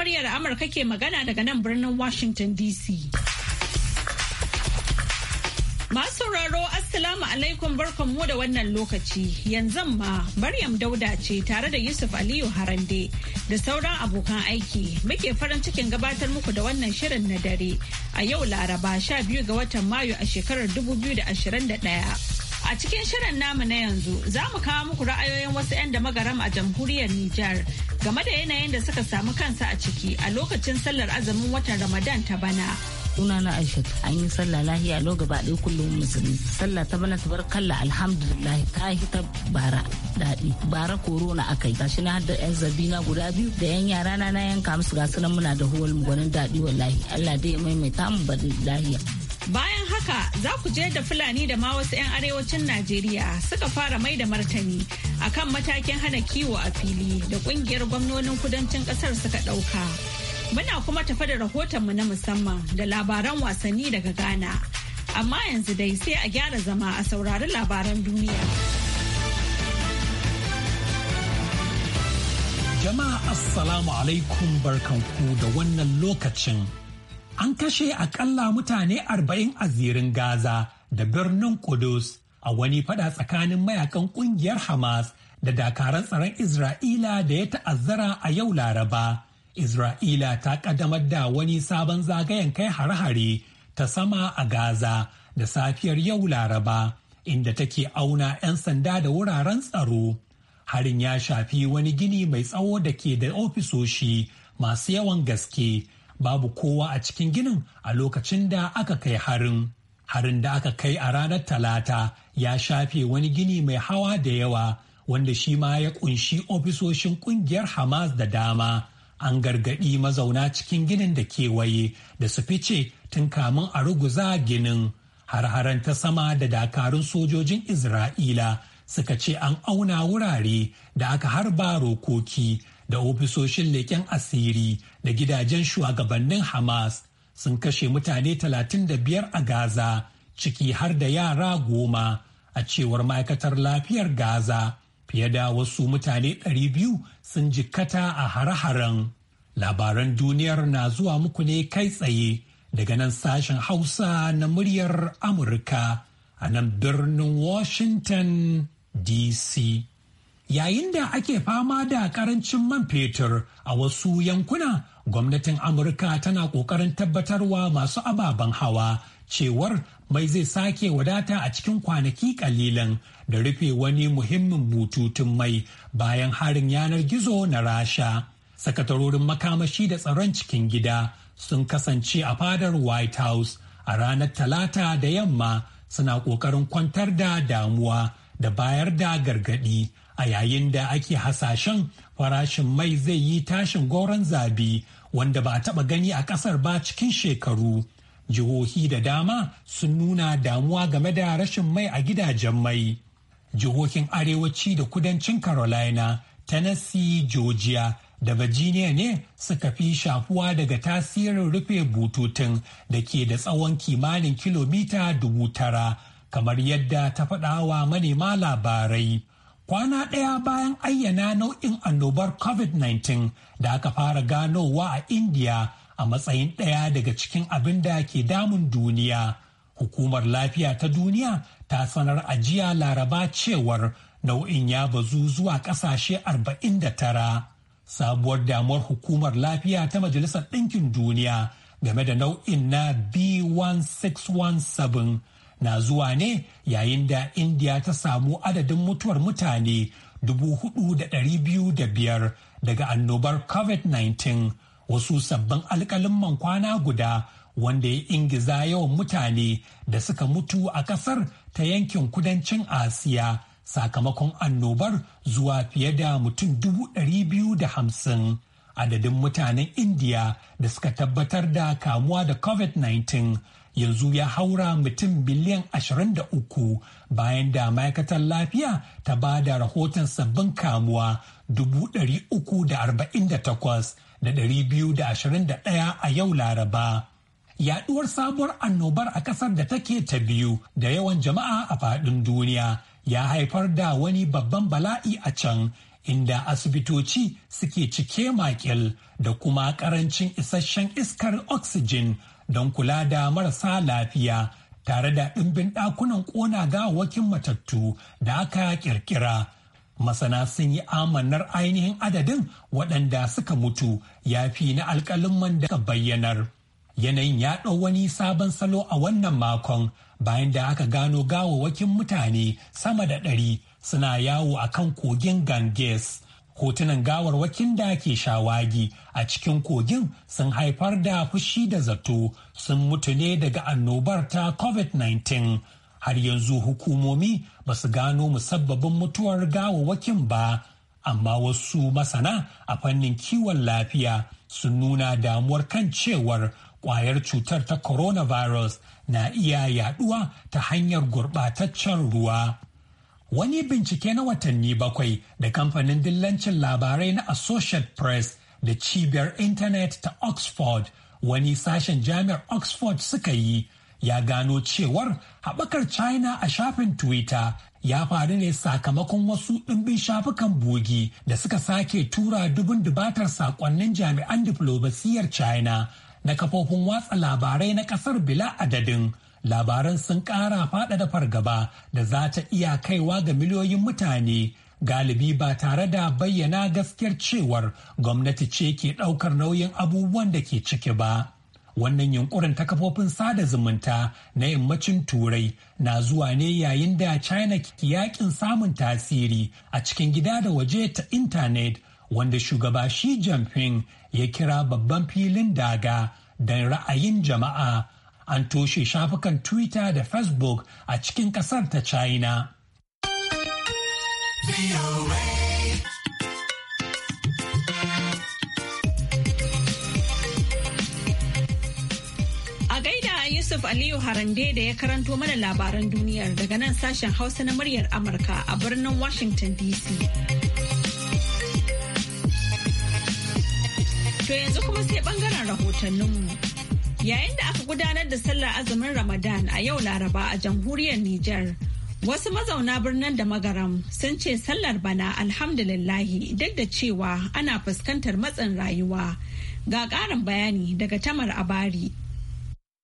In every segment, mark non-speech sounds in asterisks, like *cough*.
muryar Amurka ke magana daga nan birnin Washington DC. Masu sauraro Assalamu alaikum barkanmu da wannan lokaci yanzu ma Maryam Dauda ce tare da Yusuf Aliyu Harande da sauran abokan aiki muke farin cikin gabatar muku da wannan shirin na dare a yau Laraba 12 ga watan Mayu a shekarar 2021. A cikin shirin namu na yanzu za mu kawo muku ra'ayoyin wasu 'yan da magaram a jamhuriyar Nijar game da yanayin da suka samu kansa a ciki a lokacin sallar azumin watan Ramadan ta bana. suna na aisha an yi sallah lahiya lau gaba ɗaya kullum musulmi sallah ta bana tabar kalla alhamdulillah ta yi ta bara daɗi bara korona aka yi gashi na hada yan zabina guda biyu da yan yara na na yanka musu gasu nan muna da huwal gwanin daɗi wallahi allah dai maimaita mu ba lahiya. Bayan haka za ku je da Fulani da ma wasu 'yan arewacin Najeriya suka fara mai da martani a kan matakin hana kiwo a fili da kungiyar gwamnonin kudancin kasar suka ɗauka. Muna kuma tafa da rahotonmu na musamman da labaran wasanni daga Ghana. Amma yanzu dai sai a gyara zama a saurari labaran duniya. Jama'a Assalamu alaikum barkanku da wannan lokacin. An kashe akalla mutane arba'in a zirin Gaza da birnin Kudus a wani fada tsakanin mayakan kungiyar Hamas da dakaran tsaron Isra'ila da ya ta'azzara a yau Laraba. Isra'ila ta ƙaddamar da wani sabon zagayen kai hare-hare ta sama a Gaza da safiyar yau Laraba, inda take auna 'yan sanda da wuraren tsaro. Harin ya shafi wani gini mai tsawo da ke da ofisoshi masu yawan gaske babu kowa a cikin ginin a lokacin da aka kai harin. Harin da aka kai a ranar Talata ya shafe wani gini mai hawa da yawa wanda shi ma ya kunshi ofisoshin kungiyar Hamas da dama. An gargaɗi mazauna cikin ginin da kewaye da su fice tun kamun a ruguza ginin. har ta sama da dakarun sojojin Isra'ila suka ce an auna wurare da aka harba rokoki da ofisoshin leƙen asiri da gidajen shugabannin Hamas sun kashe mutane 35 a Gaza ciki har da yara goma a cewar ma'aikatar lafiyar Gaza fiye da wasu mutane 200 sun jikkata a hare-haren. Labaran duniyar na zuwa muku ne kai tsaye daga nan sashen Hausa na muryar Amurka a nan birnin Washington DC. Yayin da ake fama da karancin man fetur a wasu yankuna gwamnatin amurka tana ƙoƙarin tabbatarwa masu ababen hawa cewar mai zai sake wadata a cikin kwanaki kalilan da rufe wani muhimmin bututun mai bayan harin yanar gizo na rasha sakatarorin makamashi da tsaron cikin gida sun kasance a fadar white house a ranar talata da yamma suna ƙoƙarin kwantar da damuwa da bayar da gargadi a yayin da ake hasashen farashin mai zai yi tashin goron zabi wanda ba a taɓa gani a ƙasar ba cikin shekaru. Jihohi da dama sun nuna damuwa game da rashin mai a gidajen mai. Jihohin Arewaci da Kudancin Carolina, Tennessee, Georgia da Virginia ne suka fi shafuwa daga tasirin rufe bututun da ke da tsawon kimanin kilomita dubu tara kamar yadda ta faɗawa manema labarai. kwana ɗaya bayan ayyana nau'in annobar covid-19 da aka fara ganowa a Indiya a matsayin ɗaya daga cikin abin da ke damun duniya hukumar lafiya ta duniya ta sanar ajiya laraba cewar nau'in ya bazu zuwa ƙasashe 49 sabuwar damuwar hukumar lafiya ta majalisar ɗinkin duniya game da nau'in na b1617 na zuwa ne yayin da indiya ta samu adadin mutuwar mutane 4,205 daga annobar covid-19 wasu sabbin alkalin kwana guda wanda ya ingiza yawan mutane da suka mutu a kasar ta yankin kudancin asiya sakamakon annobar zuwa fiye da mutum 250 adadin mutanen indiya da suka tabbatar da kamuwa da covid-19 yanzu ya haura mutum biliyan 23 bayan da ma'aikatar lafiya ta ba da rahoton sabbin kamuwa 348,221 a yau laraba. yaɗuwar sabuwar annobar a ƙasar da take ta biyu da yawan jama'a a faɗin duniya ya haifar da wani babban bala'i a can inda asibitoci suke cike makil da kuma ƙarancin isasshen iskar oxygen don kula da marasa lafiya tare da ɗimbin ɗakunan ƙona gawakin matattu da aka ƙirƙira. Masana sun yi amanar ainihin adadin waɗanda suka mutu ya fi na alƙalin da bayyanar. Yanayin ya ɗau wani sabon salo a wannan makon bayan da aka gano gawawakin mutane sama da ɗari suna yawo a kan kogin Ganges hotunan wakin da ke shawagi a cikin kogin sun haifar da fushi da zato sun mutu ne daga annobar ta covid-19 har yanzu hukumomi ba su gano musabbabin mutuwar gawarwakin ba amma wasu masana a fannin kiwon lafiya sun nuna damuwar kan cewar kwayar cutar ta coronavirus na iya yaduwa ta hanyar gurbataccen ruwa Wani bincike na watanni bakwai da kamfanin dillancin labarai na Associate Press da cibiyar Intanet ta Oxford wani sashen jami'ar Oxford suka yi ya gano cewar haɓakar China a shafin Twitter ya faru ne sakamakon wasu ɗimbin shafukan bogi da suka sake tura dubun dubatar saƙonnin jami'an diflomasiyyar China na kafofin watsa labarai na ƙasar bila adadin. labaran sun ƙara faɗaɗa fargaba da za ta iya kaiwa ga miliyoyin mutane galibi ba tare da bayyana gaskiyar cewar gwamnati ce ke ɗaukar nauyin abubuwan da ke ciki ba. Wannan yunkurin ta kafofin sada zumunta na yammacin turai na zuwa ne yayin da China ke yakin samun tasiri a cikin gida da waje ta intanet wanda shugaba Xi Jinping ya kira babban filin daga don ra'ayin jama'a. an toshe shafukan twitter da facebook a cikin kasar ta china a yusuf aliyu harande da ya karanto mana labaran duniyar daga nan sashen hausa na muryar amurka a birnin washington dc To yanzu kuma sai bangaren rahotanninmu. Yayin da gudanar da sallar azumin Ramadan a yau Laraba a jamhuriyar Nijar. Wasu mazauna birnin da magaram sun ce sallar bana alhamdulillahi duk da cewa ana fuskantar matsin rayuwa. Ga ƙarin bayani daga Tamar Abari.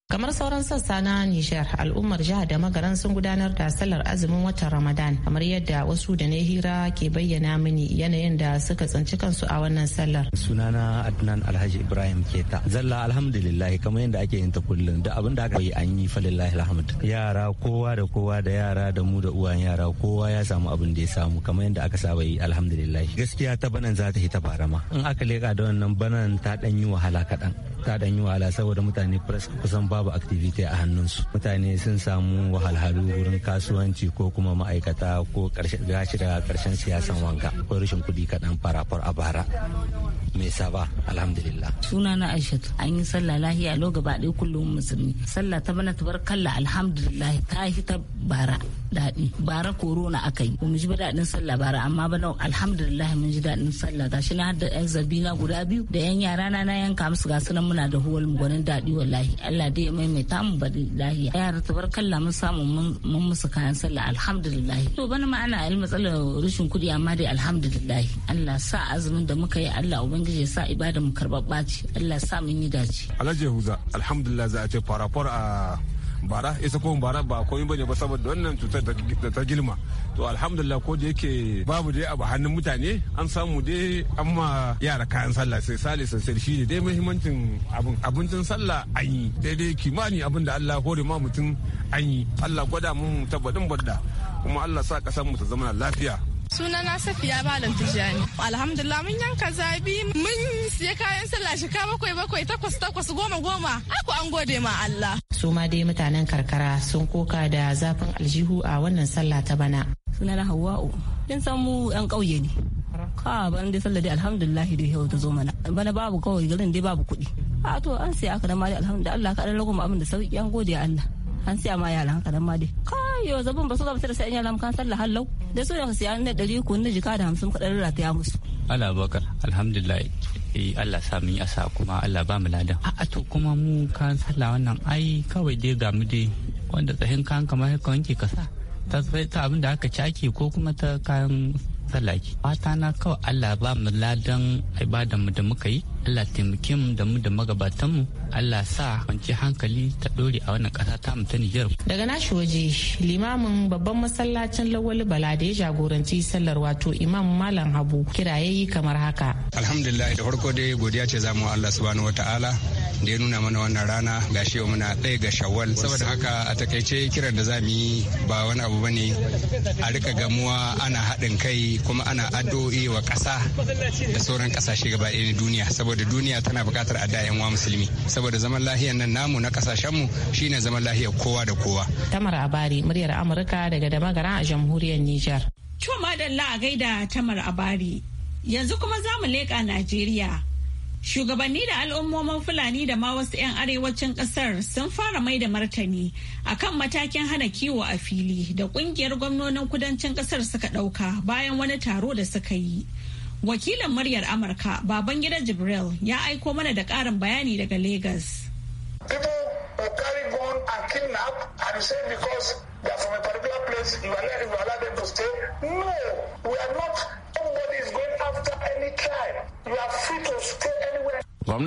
Kamar sauran sassa na Nijar, al'ummar jihar da magaran sun gudanar da sallar azumin watan Ramadan, kamar yadda wasu da na hira ke bayyana mini yanayin da suka tsinci kansu a wannan sallar. Sunana Adnan Alhaji Ibrahim Keta. Zalla alhamdulillah kamar yadda ake yin ta kullum da abin da aka yi an yi falillahi alhamdu Yara kowa da kowa da yara da mu da uwan yara kowa ya samu abin da ya samu kamar yadda aka saba yi alhamdulillah. Gaskiya ta banan za ta yi ta barama. In aka leka da wannan banan ta dan yi wahala kaɗan. ta dan yi wahala saboda mutane kusan babu activity a hannunsu mutane sun samu wahalhalu wurin kasuwanci ko kuma ma'aikata ko gashi da karshen siyasan wanka ko rashin kuɗi kaɗan farafar a bara mai saba alhamdulillah suna na aishatu an yi sallah lahiya lo gaba ɗaya kullum musulmi sallah ta bana kalla alhamdulillah ta hita bara daɗi bara korona aka yi ba mu ji daɗin sallah bara amma ba nau alhamdulillah mun ji daɗin sallah gashi na da yan zabina guda biyu da yan yara na na yanka musu gasu nan muna da huwal mu gwanin daɗi wallahi Allah dai maimaita mu bari lahiya yara tabarkalla mun samu mun musu kayan sallah alhamdulillah to bana ma ana yi matsalar rashin kuɗi amma dai alhamdulillah Allah sa azumin da muka yi Allah ubangiji ya sa ibada mu karɓaɓɓa ce Allah sa mun yi dace Alhaji Yahuza alhamdulillah za a ce fara fara a bara isa ko bara ba koyi bane ba saboda wannan cutar da ta girma to alhamdulillah ko da yake babu dai abu hannun mutane an samu dai amma yara kayan sallah sai sale sai shi ne dai muhimmancin abin abincin sallah an yi daidai kimani abin da Allah hore ma mutum an yi Allah gwada mun tabbatin badda kuma Allah sa kasar mu ta zama lafiya Sunana Safiya Malam tijani Alhamdulillah mun yanka zabi mun siya kayan sallah shika bakwai bakwai takwas takwas goma goma. Ako an gode ma Allah. Su ma dai mutanen karkara sun koka da zafin aljihu a wannan sallah ta bana. Sunana Hawwa'u. Kin san mu 'yan kauye ne. ka ban dai sallah dai alhamdulillah dai yau ta zo mana bana babu kawai garin dai babu kuɗi a to an sai aka da mali alhamdulillah Allah ka dan rago mu abin da sauki an gode Allah an siya ma yaran haka dan ma dai kai yo zabun ba su gaba sai yaran kan sallah hallau da su yanzu siya ne 100 kun ne jika da 50 rata ya musu Allah bakar alhamdulillah eh Allah sa mun yi asa kuma Allah ba mu ladan a'a to kuma mu kan sallah wannan ai kawai dai ga mu dai wanda tsahin kan kamar haka wanke ka sa ta ta abin da aka ci ake ko kuma ta kayan sallah fata na kawai Allah ba mu ladan ibadan mu da muka yi Allah taimake mu da mu da magabatan mu Allah sa kwanci hankali ta dore a wannan kasa ta mu ta Niger daga nashi waje limamin babban masallacin Lawali Bala da ya jagoranci sallar wato Imam Malam Habu yayi kamar haka alhamdulillah da farko dai godiya ce zamu Allah subhanahu wataala da ya nuna mana wannan rana ga shi muna ɗaya ga shawwal saboda haka a takaice kiran da za mu yi ba wani abu bane a rika gamuwa ana haɗin kai kuma ana addu'o'i wa ƙasa da sauran ƙasashe gaba ɗaya duniya saboda duniya tana buƙatar adda yan wa musulmi saboda zaman lahiyar nan namu na ƙasashenmu shine zaman lahiyar kowa da kowa. Tamar Abari muryar Amurka daga Damagara a jamhuriyar Nijar. Cuma Dalla a gaida Tamar Abari. Yanzu kuma za mu leƙa Najeriya. Shugabanni da al'ummomin Fulani da ma wasu 'yan arewacin ƙasar sun fara mai da martani akan matakin hana kiwo a fili da ƙungiyar gwamnonin kudancin ƙasar suka ɗauka bayan wani taro da suka yi. Wakilin muryar Amurka, baban Babangida Jibril, ya aiko mana da ƙarin bayani daga Legas.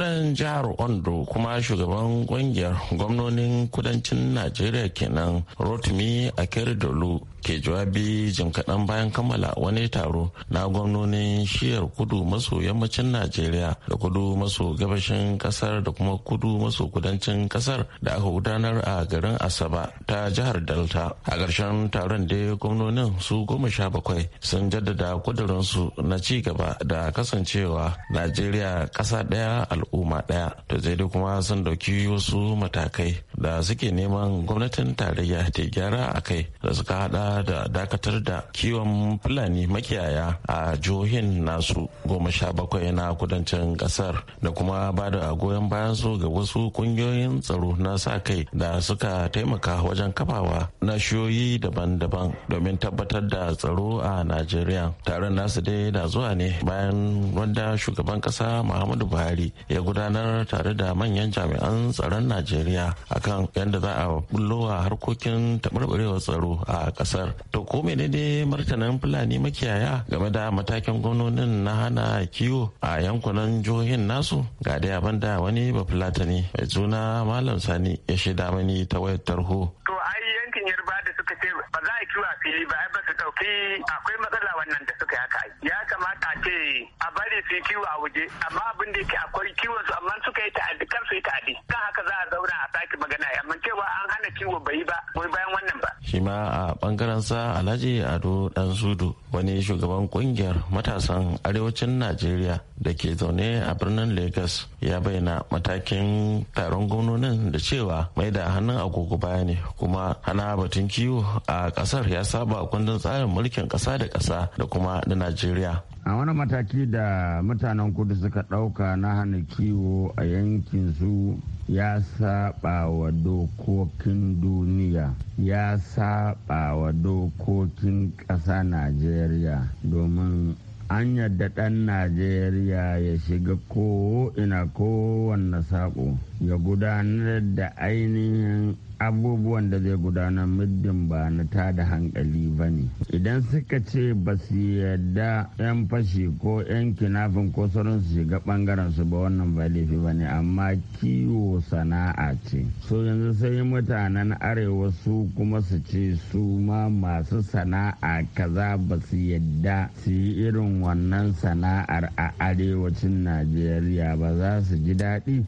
gwamnan jihar ondo kuma shugaban kungiyar gwamnonin kudancin najeriya kenan rotimi akeredolu ke jawabi jim kaɗan bayan kammala wani taro na gwamnonin shiyar kudu maso yammacin najeriya da kudu maso gabashin kasar da kuma kudu maso kudancin kasar da aka gudanar a garin asaba ta jihar delta a ƙarshen taron da gwamnonin su goma sha bakwai sun jaddada kudurinsu na ci gaba da kasancewa najeriya ƙasa ɗaya al'umma ɗaya to zai dai kuma sun ɗauki wasu matakai da suke neman gwamnatin tarayya ta gyara a kai da suka haɗa Ada da dakatar da kiwon fulani makiyaya a jihohin nasu goma sha bakwai na kudancin kasar da kuma ba da goyon bayan su ga wasu kungiyoyin tsaro na sa kai da suka taimaka wajen kafawa na shiyoyi daban-daban domin tabbatar da tsaro a najeriya taron nasu dai da zuwa ne bayan wanda shugaban kasa muhammadu buhari ya gudanar tare da manyan jami'an tsaron najeriya akan yadda za a bullowa harkokin taɓarɓarewar tsaro a ƙasar. kasar to ko menene martanin fulani makiyaya game da matakin gwamnonin na hana kiwo a yankunan jihohin nasu ga dai abin da wani ne mai suna malam sani ya shaida mani ta wayar tarho to ai yankin yarba suka ce ba za a a fili ba ai ba su ɗauki akwai matsala wannan da suka haka ya kamata a ce a bari su yi kiwo a waje amma abin da yake akwai kiwon su amma suka yi ta'adi kan su yi ta'adi kan haka za a zauna a saki magana amma cewa an hana kiwo bai yi ba wai bayan wannan ba. shi ma a bangaren sa alhaji ado dan sudu wani shugaban kungiyar matasan arewacin najeriya da ke zaune a birnin lagos ya bayyana matakin taron gwamnonin da cewa mai da hannun agogo baya ne kuma hana batun kiwo a kasar ya saba kundin tsarin mulkin kasa da kasa da kuma da najeriya a wani mataki da mutanen kudu suka ɗauka na hana kiwo a yankin su ya saba wa dokokin duniya ya saba wa dokokin ƙasa najeriya domin an yadda ɗan najeriya ya shiga ko ina kowanne saƙo ya gudanar da ainihin abubuwan da zai gudana muddin ba na tada hankali ba ne idan suka ce ba su yadda 'yan fashi ko 'yan kinafin ko sauran su shiga bangaren su ba wannan ba laifi ba ne amma kiwo sana'a ce so yanzu sai mutanen arewa su kuma su ce su ma masu sana'a kaza ba su yadda su yi irin wannan sana'ar a arewacin najeriya ba za su ji daɗi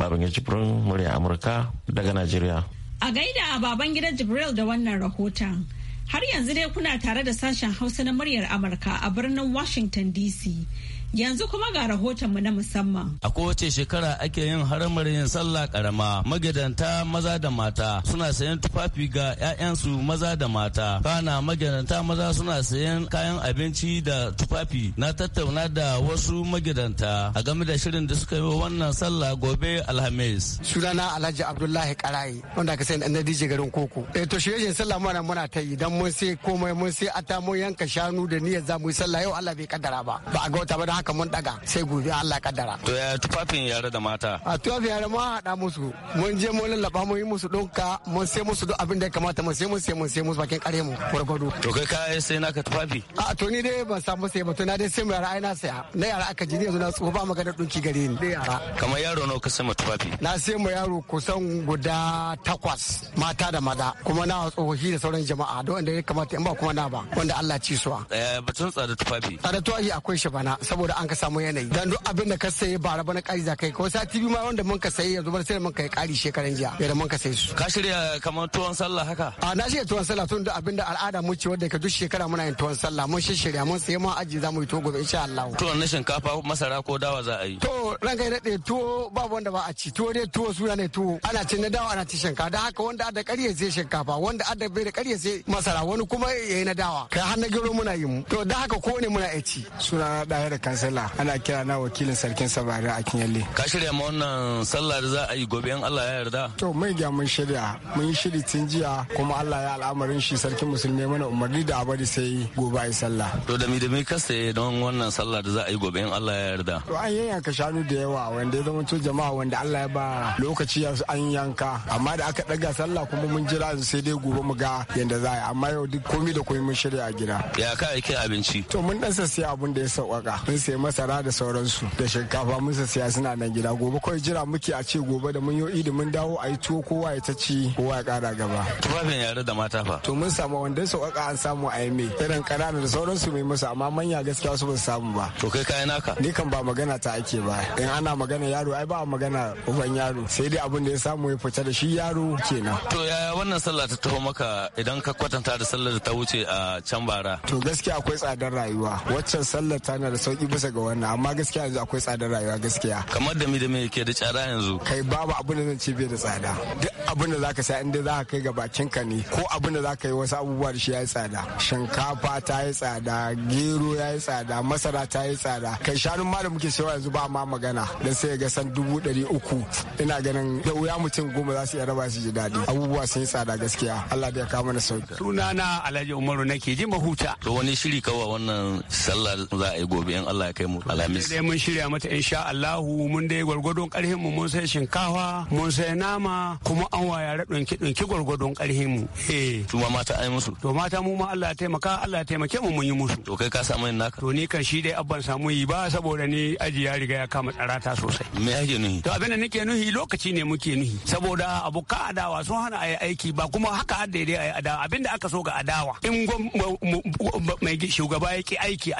babin ya murya amurka daga najeriya A gaida baban gidan Jibril da wannan rahoton. Har yanzu dai kuna tare da sashen Hausa na muryar Amurka a birnin Washington DC. Yanzu kuma ga rahotonmu na musamman. A kowace shekara ake yin haramar yin sallah karama magidanta maza da mata suna sayan tufafi ga 'ya'yansu maza da mata. Kana magidanta maza suna sayan kayan abinci da tufafi na tattauna da wasu magidanta a game da shirin da suka yi wannan sallah gobe Alhamis. Sunana Alhaji Abdullahi Karayi wanda ka sayan ɗan DJ garin Koko. Eh to shirin sallah muna muna ta yi dan mun sai komai mun sai a ta mun yanka shanu da niyyar za mu yi sallah yau Allah bai kaddara ba. Ba a ga wata ba haka mun daga sai gobe Allah kaddara to ya tufafin yare da mata a tufafin yare ma hada musu mun je mun lallaba mun yi musu dinka mun sai musu duk abin da ya kamata mun sai mun sai mun sai musu bakin kare mu gwargwado to kai ka sai naka tufafi a to ni dai ban samu sai ba to na dai sai mu yara ai na saya na yara aka ji yanzu na tsoho ba magana dinki gare ni dai yara kamar yaro nawa ka sai tufafi na sai mu yaro kusan guda takwas mata da maza kuma na tsohohi da sauran jama'a don wanda ya kamata in ba kuma na ba wanda Allah ci suwa eh, batun tsada tufafi tsada tufafi akwai shi bana saboda da an ka samu yanayi dan duk abin da ka sayi ba raba na kari za kai ko sa tv ma wanda mun ka sayi yanzu bar sai mun kai kari shekaran jiya da mun ka sayi su ka shirya kamar tuwon sallah haka a na shirya tuwon sallah tun da abin da al'ada mu ce wanda ka duk shekara muna yin tuwon sallah mun shirya mun sayi mun aji za mu yi togo insha Allah tuwon na shinkafa masara ko dawa za a yi to kai da tuwo babu wanda ba a ci tuwo dai tuwo suna ne tuwo ana cin na dawa ana ci shinkafa da haka wanda ada kariya sai shinkafa wanda ada bai da kariya sai masara wani kuma yayi na dawa kai har na gero muna yi mu to da haka ko ne muna ci suna da kansa sallah ana kira na wakilin sarkin sabari a kinyalle ka shirya ma wannan sallah da za a yi gobe in Allah ya yarda to mai ga mun shirya mun shiri tun jiya kuma Allah ya al'amarin shi sarkin musulmi mana umarni da abadi sai gobe a yi sallah to da mi da mi kasaye don wannan sallah da za a yi gobe in Allah ya yarda to an yanka shanu da yawa wanda ya zama to jama'a wanda Allah ya ba lokaci ya an yanka amma da aka daga sallah kuma mun jira sai dai gobe mu ga yanda za a yi amma yau duk komai da komai mun shirya a gida ya ka aiki abinci to mun dan sassai abun da ya sauƙaƙa mun sai masara da sauransu da shinkafa mun siya suna nan gida gobe kawai jira muke a ce gobe da mun yi idi mun dawo a yi tuwo kowa ya ta ci kowa ya kara gaba. Tufafin yare da mata fa. To mun samu wanda su kaka an samu a yame irin ƙanana da sauransu mai musu amma manya gaskiya su ba samu ba. To kai kayan naka. Ni kan ba magana ta ake ba in ana magana yaro ai ba magana uban yaro sai dai abin da ya samu ya fita da shi yaro kenan. To yaya wannan sallah ta taho maka idan ka kwatanta da sallar da ta wuce a can bara. To gaskiya akwai tsadar rayuwa waccan sallar tana da sauki bisa ga wannan amma gaskiya yanzu akwai tsadar rayuwa gaskiya kamar da mi da me yake da tsada yanzu kai babu abin da zan ce bai da tsada duk abin da zaka sai inda zaka kai ga bakin ka ne ko abin da zaka yi wasu abubuwa da shi yayi tsada shinkafa ta yi tsada gero yayi tsada masara ta yi tsada kai shanun ma da muke sayawa yanzu ba ma magana dan sai ga san dubu ɗari uku ina ganin da wuya mutum goma za su iya raba su ji daɗi abubuwa sun yi tsada gaskiya Allah da ya kawo mana sauki sunana Alhaji Umaru nake ji mahuta to wani shiri kawai wannan sallah za a yi gobe in Allah Allah ya kai mu alhamis dai mun shirya mata insha Allah mun dai gwargwadon karhin mu mun sai shinkafa mun sai nama kuma an waya radon ki dinki gwargwadon karhin mu eh to ma mata ai musu to mata mu ma Allah ya taimaka Allah ya taimake mu mun yi musu to kai ka samu yin naka to ni kan shi dai abban samu yi ba saboda ni aji ya riga ya kama tsarata sosai me ake nuhi to abin da nake nuhi lokaci ne muke nuhi saboda abu ka adawa sun hana ayi aiki ba kuma haka har daidai ayi adawa abin da aka so ga adawa in mai shugaba yake aiki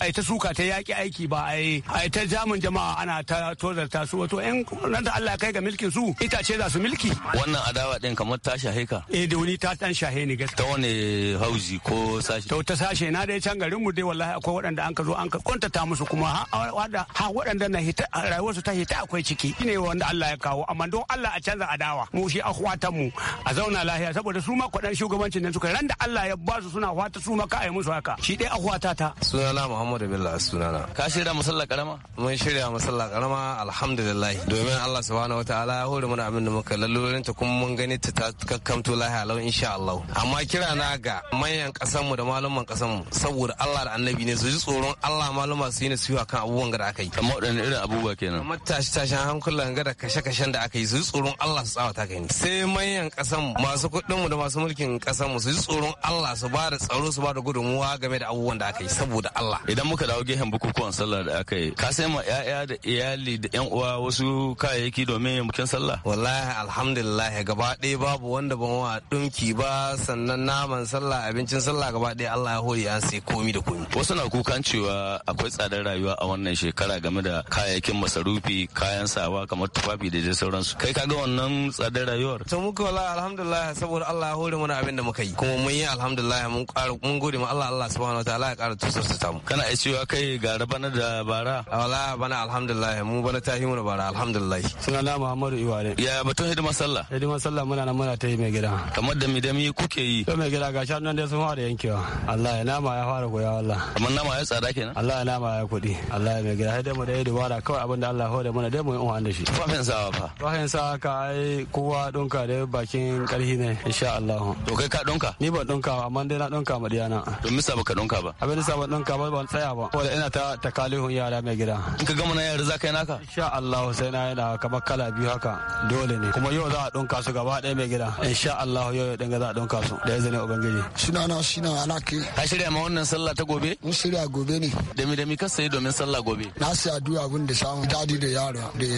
ai ta suka ta yaki ki aiki ba ai ai ta jamun jama'a ana ta tozarta su wato yan nan da Allah kai ga milkin su itace za su milki wannan adawa din kamar ta shahe ka eh da wani ta dan shahe ni gaskiya ta wani hauzi ko sashi to ta sashe na dai can garin mu dai wallahi akwai waɗanda an ka zo an ka kwantata musu kuma ha ha waɗanda na hita rayuwar su ta hita akwai ciki ne wanda Allah ya kawo amma don Allah a canza adawa mu shi akhwatan mu a zauna lahiya saboda su ma kwaɗan shugabancin nan suka ran da Allah ya ba su suna hwata su ma ka musu haka shi dai akhwata ta sunana Muhammadu Bello sunana ka shirya masallar karama mun shirya masallar karama alhamdulillah domin Allah subhanahu wataala ya hore mana abin da muka lallurin ta kuma mun gani ta kakkamto lahiya lau insha Allah amma kira na ga manyan kasan mu da malaman kasan mu saboda Allah da annabi ne su ji tsoron Allah malama su yi nasiha kan abubuwan da aka yi kamar wadannan irin abubuwa kenan matashi tashi tashin hankulan ga da kashe-kashen da aka yi su ji tsoron Allah su tsawata kai sai manyan kasan masu kuɗin mu da masu mulkin kasan mu su ji tsoron Allah su ba da tsaro su ba da gudunmuwa game da abubuwan da aka yi saboda Allah idan muka dawo gehen buku bukukuwan sallah da aka yi ka sai ma ya'ya da iyali da yan uwa wasu kayayyaki domin yin bukin sallah wallahi alhamdulillah gaba ɗaya babu wanda ban wa dunki ba sannan naman sallah abincin sallah gaba ɗaya Allah ya hori an sai komi da komi wasu na kukan cewa akwai tsadar rayuwa a wannan shekara game da kayayyakin masarufi kayan sawa kamar tufafi da dai sauransu kai kaga wannan tsadar rayuwar to muka wallahi alhamdulillah saboda Allah ya hori mana abin da muka yi kuma mun yi alhamdulillah mun ƙara mun gode ma Allah Allah subhanahu wataala ya ƙara ta mu kana iya cewa kai ga da bana da bara wala bana alhamdulillah mu bana tahi mu bara alhamdulillah suna na muhammadu iware ya batun hidimar sallah hidimar sallah muna nan muna tahi mai gida kamar da mi da kuke yi to mai gida ga shan nan dai sun fara yankewa Allah ya nama ya fara koya wallah kamar nama ya tsada kenan Allah ya nama ya kudi Allah ya mai gida sai mu da dai dubara kawai abinda Allah ya hore mana dai mu yi uwan da shi ba hin sawa fa ba hin sawa ka ai kowa donka da bakin karhi ne insha Allah to kai ka donka ni ba donka amma dai na donka ma diyana to misa baka donka ba abin da sa ba donka ba ban tsaya ba wala ina ta ta takalihun yara mai gida in ka gama na yanzu za ka yi naka insha Allah sai na yana kamar kala biyu haka dole ne kuma yau za a ɗunka su gaba ɗaya mai gida insha Allah yau dinga za a ɗunka su da izinin ubangiji Suna na shina alaki ka shirya ma wannan sallah ta gobe mun shirya gobe ne da mi da mi ka sayi domin sallah gobe na sai addu'a abin da samu dadi da yara da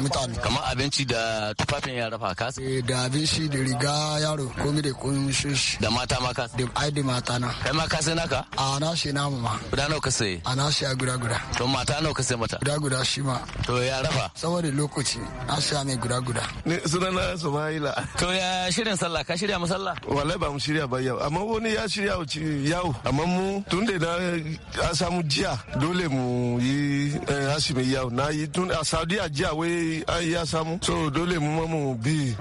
mutane kamar abinci da tufafin yara fa ka eh, da abinci da riga yaro komi da komi. shi da mata ma ka da ai da mata na kai ma ka sai naka a na shi na ma da ka sai a na shi wallahi guda guda to mata nawa ka sai mata guda guda shi ma to ya rafa saboda lokaci an sha ne guda guda ne na sumaila to ya shirin sallah ka shirya musalla wallahi ba mu shirya ba yau amma wani ya shirya yau amma mu tun da na samu jiya dole mu yi eh, asimi yau na yi tun a saudiya jiya wai an ya samu so dole mu mu bi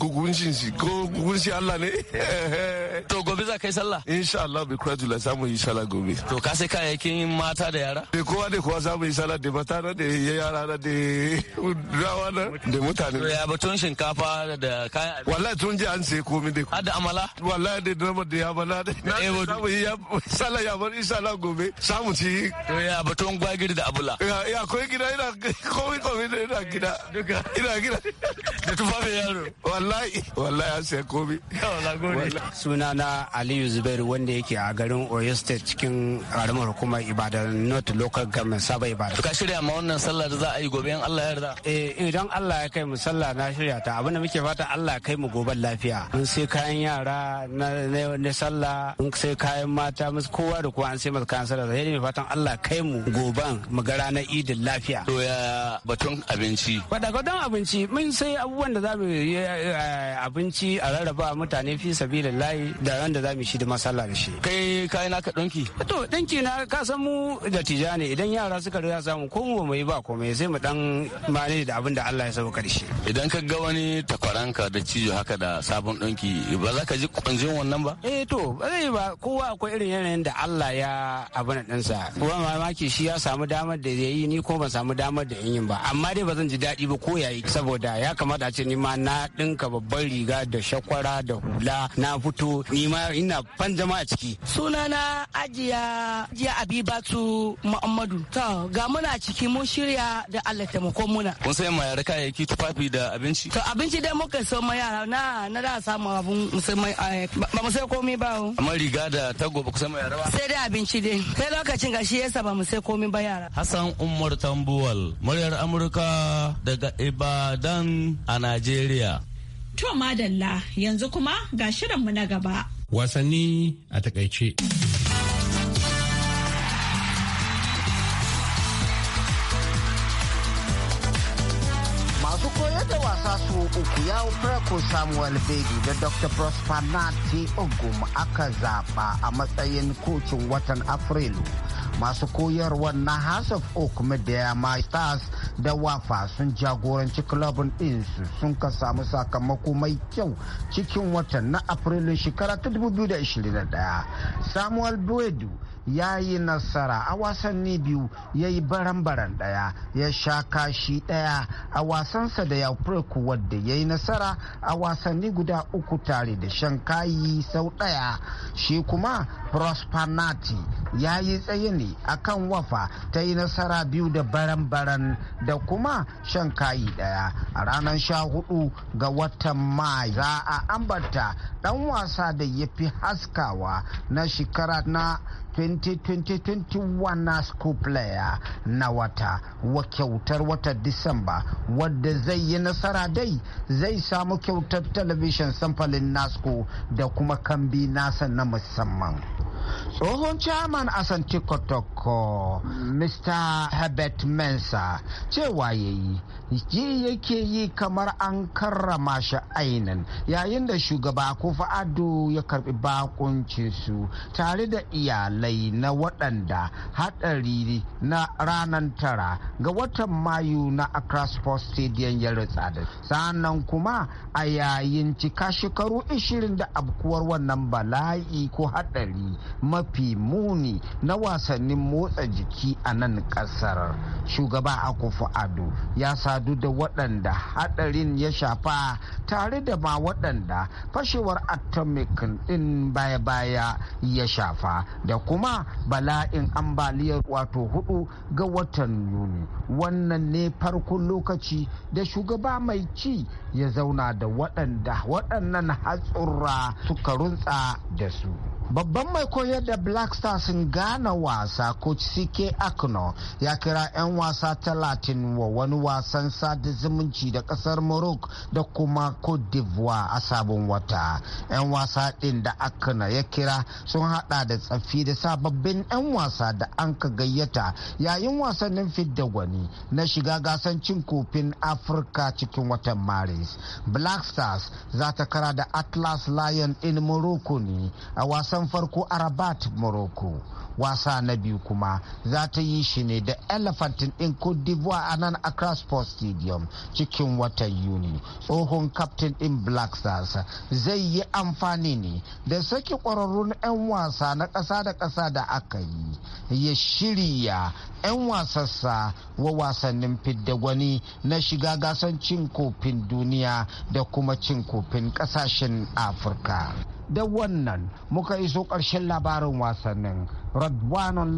kukuncin shi ko kukuncin allah ne *laughs* to gobe za ka yi sallah insha allah bi kwadula za samu yi sallah gobe to ka sai kayayyakin mata da yara? Da kowa da kowa samun salat da mata na da yara na da rawa na da mutane. To ya batun shinkafa da kayan abinci. Wallahi tun ji an sai komi da komi. Har amala? Wallahi da nama da ya bana da. Na za mu yi bar yabar isala gobe samu ci. To ya batun gwagir da abula. Ya koyi gida ina komi komi da ina gida. Duka. Ina gida. Da tufafin yaro. Wallahi wallahi an sai komi. Sunana Aliyu Zubairu wanda yake a garin Oyo State cikin ƙaramar hukumar Ibadan not local government sabai ba ka shirya ma wannan sallah da za a yi gobe in Allah ya yarda eh idan Allah ya kai mu sallah na shirya ta abinda muke fata Allah ya kai mu goben lafiya mun sai kayan yara na sallah mun sai kayan mata mun kowa da kowa an sai masa kayan sallah sai fatan Allah kai mu goben mu ga ranar idin lafiya to ya batun abinci fada gwadon abinci mun sai abubuwan da za mu eh, eh, abinci a rarraba mutane fi sabilillahi da ran da za mu shi da masallah da shi kai kai na ka dinki to dinki na ka san mu tija ne idan yara suka riga samu ko mu mai ba komai sai mu dan mane da abin da Allah ya sauka da shi idan ka ga wani takwaranka da cijo haka da sabon ɗinki ba za ka ji kwanjin wannan ba eh to ba zai ba kowa akwai irin yanayin da Allah ya abin sa kuma mamaki shi ya samu damar da zai yi ni ko ban samu damar da in yin ba amma dai ba zan ji daɗi ba ko yayi saboda ya kamata a ce ni ma na ɗinka babban riga da shakwara da hula na fito ni ma ina fan jama'a ciki sunana ajiya ajiya abibatu Muhammadu. To ga muna ciki mun shirya da Allah taimakon muna. Kun sai ma yara kayayyaki tufafi da abinci? To abinci dai muka so ma yara na na da samu abun musamman eh, ba mu sai komai ba. Amma riga da tago ba ku sai ma yara ba? Sai dai abinci dai. Sai lokacin gashi yasa ba mu sai komai ba yara. Hassan Umar Tambuwal, muryar Amurka daga Ibadan a Najeriya. To madalla yanzu kuma ga shirinmu na gaba. Wasanni a takaice. uku yau Preko Samuel Bedi da Dr. Prosper Nati ogun aka zaɓa a matsayin kocin watan Afrilu. Masu koyarwar na House of Oak Medema Stars da Wafa sun jagoranci kulabin ɗinsu sun ka samu sakamako mai kyau cikin watan na Afrilun shekara ta 2021. Samuel bedu. ya yi nasara a wasanni biyu ya yi baran-baran ɗaya ya sha kashi ɗaya a wasansa da yaufre wadda ya yi nasara a wasanni guda uku tare da shan kayi sau ɗaya shi kuma prosperity ya yi tsaye ne akan wafa ta yi nasara biyu da baran-baran da kuma shan kayi ɗaya a ranar sha hudu ga watan mai za a ambata ɗan wasa da ya fi haskawa na shekara na 2020-2021 na school player na wata wa kyautar watan disamba wadda zai yi nasara dai zai samu kyautar television samfalin nasco da kuma kambi nasa na musamman tsohon chairman asanti kotoko mr herbert mensa cewa ya yi ji yake yi kamar an karrama shi ainin yayin da shugaba ko ado ya karbi bakuncinsu tare da iyalai na waɗanda haɗari na ranar tara ga watan mayu na accra sports stadium ya ritsa da sannan kuma a yayin cika shekaru 20 da abkuwar wannan bala'i ko haɗari mafi muni na wasannin motsa jiki a nan kasar shugaba akufu ado ya sadu da waɗanda hadarin ya shafa tare da ma waɗanda fashewar atomic ɗin baya-baya ya shafa da kuma bala'in ambaliyar wato hudu ga watan yuni wannan ne farkon lokaci da shugaba mai ci ya zauna da waɗanda waɗannan hatsura suka runtsa da su Babban mai koyar da Black Stars Ghana wasa Coach CK Akno ya kira 'yan wasa talatin wa wani wasan sada zumunci da kasar Morocco da kuma Cote d'Ivoire a sabon wata. 'Yan wasa ɗin da Akno ya kira sun hada da tsaffi da sababbin 'yan wasa da an ka gayyata yayin wasannin fidda wani na shiga gasan cin kofin Afirka cikin watan Maris. Black Stars za ta kara da Atlas Lion in Morocco ne a wasan wasan farko a rabat morocco wasa na biyu kuma za ta yi shi ne da elefantin din cote a nan accra sports stadium cikin watan yuni tsohon kaftin din black stars zai yi amfani ne da saki kwararrun 'yan wasa na ƙasa da ƙasa da aka yi ya shirya 'yan wasassa wa wasannin fidda gwani na shiga gasan cin kofin duniya da kuma cin kofin kasashen afirka da wannan muka iso ƙarshen labarin wasannin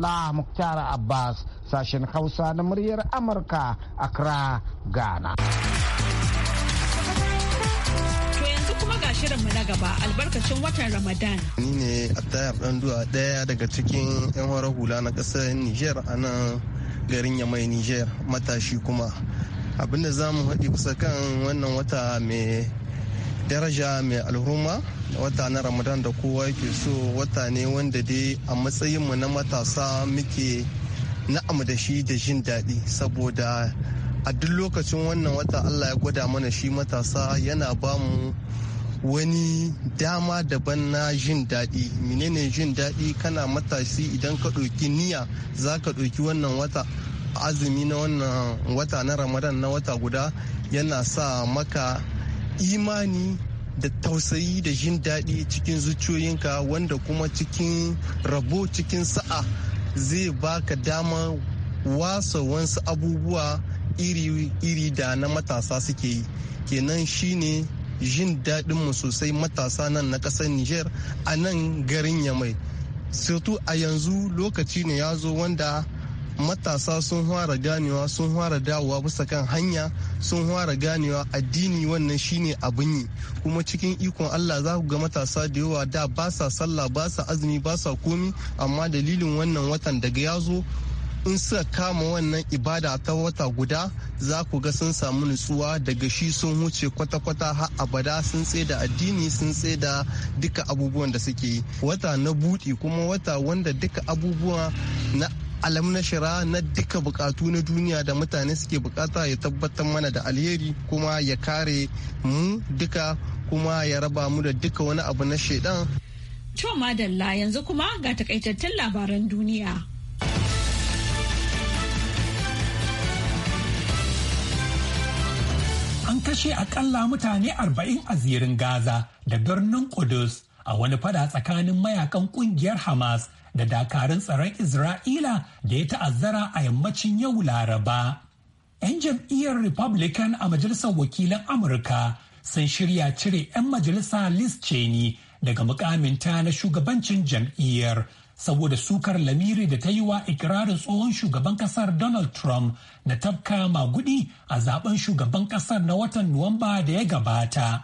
la muktara abbas sashen hausa na muryar amurka accra ghana albarkacin watan Ramadan. Ni ne Atayab Danduwa ɗaya daga cikin 'yan horar hula na ƙasar Nijar a nan garin Yamai Nijar matashi kuma. Abinda za mu haɗi kusa kan wannan wata mai daraja mai alhuma wata na Ramadan da kowa ke so wata ne wanda dai a matsayinmu na matasa muke na'am da shi da jin daɗi saboda a duk lokacin wannan wata Allah ya gwada mana shi matasa yana ba mu wani dama daban na jin daɗi menene jin daɗi kana matashi idan ka ɗauki niyya za ka ɗauki wannan wata azumi na wannan wata na ramadan na wata guda yana sa maka imani da tausayi da jin daɗi cikin zuciyoyinka wanda kuma cikin rabo cikin sa'a zai baka dama wasa wasu abubuwa iri-iri da na matasa suke yi kenan shine jin daɗin mu sosai matasa nan na ƙasar Nijar a nan garin yamai sautu a yanzu lokaci ne ya zo wanda matasa sun fara ganewa sun fara dawowa bisa kan hanya sun fara ganewa addini wannan shine abin yi kuma cikin ikon Allah za ku ga matasa da yawa da ba sa sallah ba sa azumi ba sa komi amma dalilin wannan watan daga ya zo in suka kama wannan ibada ta wata guda za ku ga sun samu nutsuwa daga shi sun wuce kwata-kwata har abada sun da addini sun da duka abubuwan da suke yi wata na buɗi kuma wata wanda duka abubuwa na alam na shira na duka bukatu na duniya da mutane suke bukata ya tabbatar mana da alheri kuma ya kare mu duka kuma ya raba mu da duka wani abu na shaidan. To madalla yanzu kuma ga takaitattun labaran duniya. kashe akalla mutane arba'in a zirin Gaza da birnin Kudus a wani fada tsakanin mayakan kungiyar Hamas da dakarun tsaron Isra'ila da ya ta'azzara a yammacin yau Laraba. 'Yan jam'iyyar Republican a Majalisar Wakilan Amurka sun shirya cire 'yan majalisa Liz Cheney daga mukaminta na shugabancin jam'iyyar saboda sukar lamiri da ta yi wa ikirarin tsohon shugaban kasar Donald Trump na tafka magudi a zaben shugaban kasar na watan Nuwamba da ya gabata.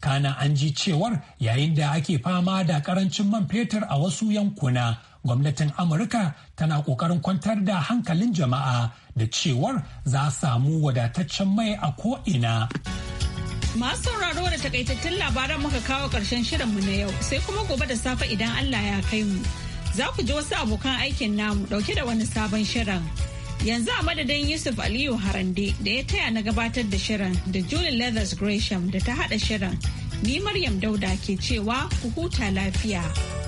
Kana an ji cewar yayin da ake fama da karancin man fetur a wasu yankuna, gwamnatin Amurka tana ƙoƙarin kwantar da hankalin jama'a da cewar za a samu wadataccen mai a ko'ina. Masu sauraro da takaitattun labaran muka kawo ƙarshen shirinmu na yau sai kuma gobe da safe idan Allah ya kai mu. za ku ji wasu abokan aikin namu dauke da wani sabon shirin. Yanzu a madadin Yusuf Aliyu Harande da ya taya na gabatar da shirin da Julie Leathers Gresham da ta haɗa shirin. Ni Maryam Dauda ke cewa ku huta lafiya.